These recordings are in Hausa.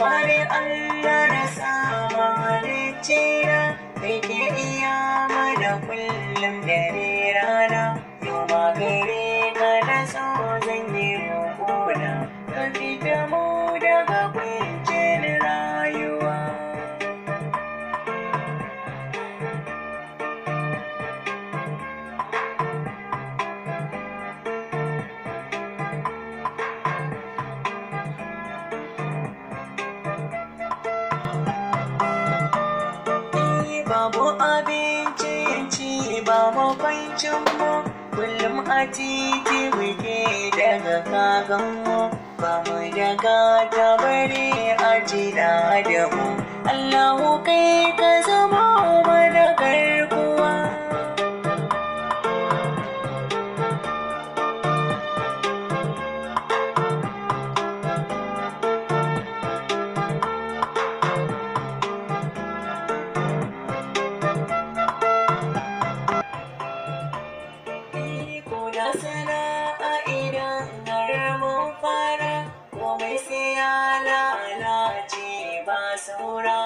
bari Allah sama halicci na da ke iya mana kullum dare rana babu abinci ci ba makwancin mu kullum a titi muke daga kagan mu ba mu daga bari a da mu Allahu kai ka zama mana gari ya lalace ba saura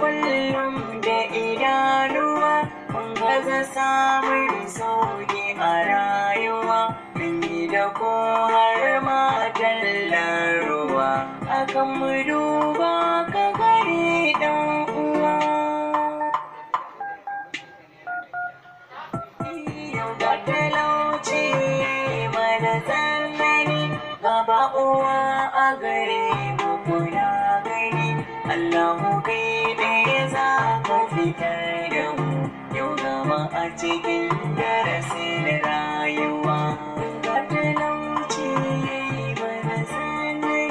kullum da idanuwa kun gaza samun sauki a rayuwa mun yi da ko har a ruwa akan mu duba ka gare dan uwa talauci mana gaba uwa a gare mu kuna gani mu kai cikin darasi na rayuwa ga talauci ya yi mana sanai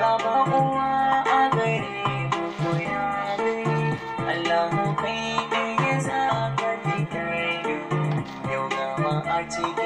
gaba uwa a gare mu koya gari Allah kai ɗaya za ka fitar yau gama a cikin